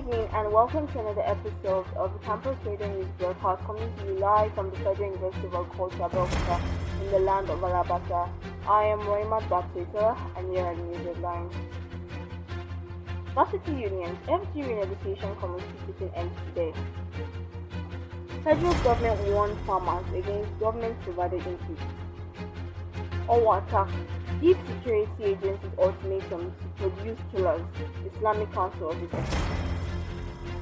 evening and welcome to another episode of Campus Radio News broadcast coming to you live from the Federal University of Agriculture, Belfast, in the land of Alabata. I am Raymond Batsuita and you are the news headlines. Varsity Unions, FG Renegotiation Committee sitting ends today. Federal government warned farmers against government-provided inputs. All attack deep security agency's ultimatum to produce killers, Islamic Council of Islam.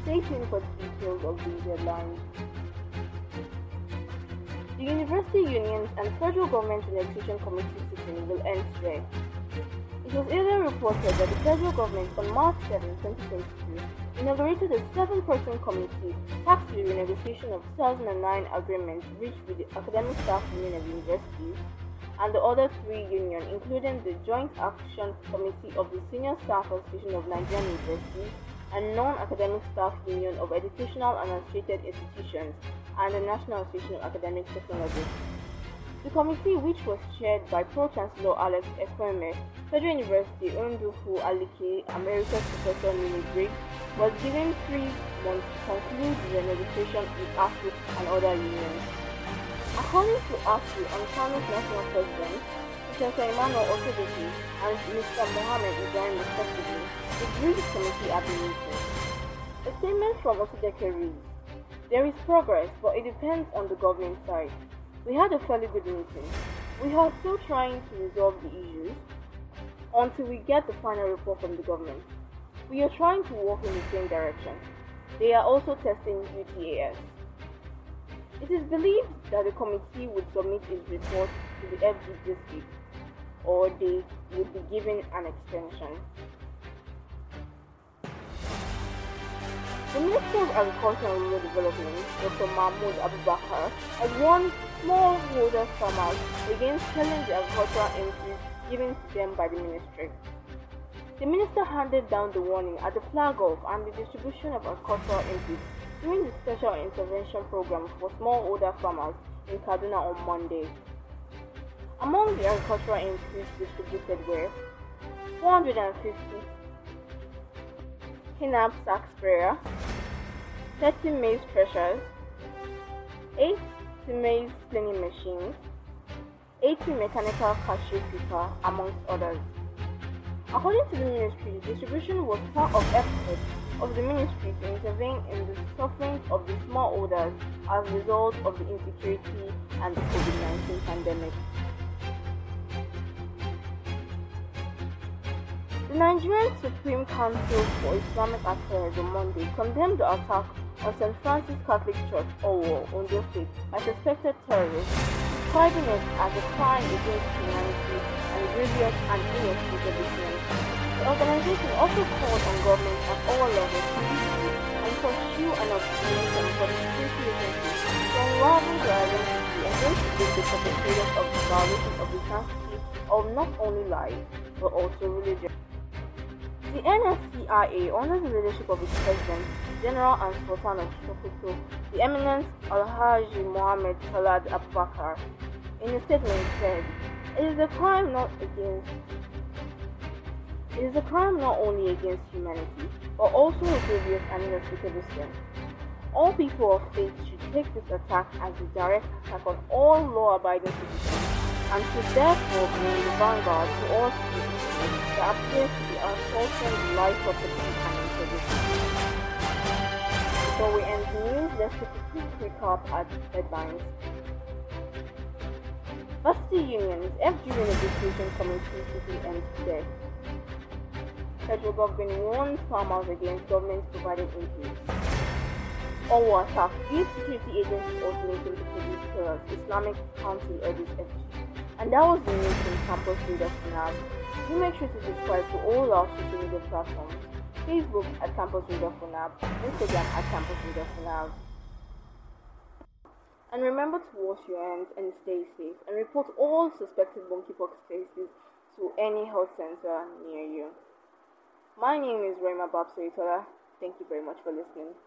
Stay tuned for the details of these deadline. The University Unions and Federal Government Election Committee sitting will end today. It was earlier reported that the federal government on March 7, 2022, inaugurated a seven-person committee tasked with renegotiation of 2009 agreement reached with the academic staff union of universities and the other three unions, including the Joint Action Committee of the Senior Staff Association of Nigerian Universities and Non-Academic Staff Union of Educational and Associated Institutions and the National Association of Academic Technologists. The committee, which was chaired by Pro-Chancellor Alex Ekweme, Federal University Ondufu Alike Emeritus Professor Nini Briggs, was given three months to conclude the negotiation with ASUS and other unions. According to ASCII on Islamic National President, Mr. Emmanuel Okedeki and Mr. Mohammed Ibrahim respectively, the the committee at the meeting. A statement from Okedeki reads, There is progress, but it depends on the government side. We had a fairly good meeting. We are still trying to resolve the issues until we get the final report from the government. We are trying to walk in the same direction. They are also testing UTAS. It is believed that the committee would submit its report to the FG this week, or they would be given an extension. The Minister of Agriculture and Rural Development, Dr. Mahmoud Abubakar, has warned smallholder farmers against selling the agricultural entities given to them by the ministry. The minister handed down the warning at the flag off and the distribution of agricultural inputs during the special intervention program for smallholder farmers in Kaduna on Monday. Among the agricultural inputs distributed were 450 Hinab sack sprayer, 30 maize threshers, 8 maize cleaning machines, 80 mechanical cashew picker, amongst others. According to the ministry, distribution was part of efforts of the ministry to intervene in the sufferings of the smallholders as a result of the insecurity and the COVID-19 pandemic. The Nigerian Supreme Council for Islamic Affairs on Monday condemned the attack on St. Francis Catholic Church, Owo, Ondo State, by suspected terrorists describing it as a crime against humanity and grievous and inexcusable The organization also called on governments at all levels to listen and pursue an observation for the security agencies to unravel the identity and the perpetrators of the violation of the sanctity of not only life but also religion. The NSCIA, under the leadership of its president, General and Sultan of Sokoto, the eminent Alhaji Mohammed Salad Abubakar, in a statement said, It is a crime not against it is a crime not only against humanity, but also a grievous and inexplicable sin. All people of faith should take this attack as a direct attack on all law abiding citizens and should therefore be in the vanguard to all students that appear to be uncertain the life of the peak and introduction. Before we end the news, let's quick recap at headlines. Varsity unions, FG renegotiation committee city ends today. Federal government warns farmers against government-provided increase. Or attack, these security agencies also need to produce pillars. Islamic Council this FG. And that was the news from Campus Readers Lab. Do make sure to subscribe to all our social media platforms. Facebook at Campus Reader Funab, Instagram at Campus Reader Funab. And remember to wash your hands and stay safe and report all suspected monkeypox cases to any health center near you. My name is Rema Babsoitola. Thank you very much for listening.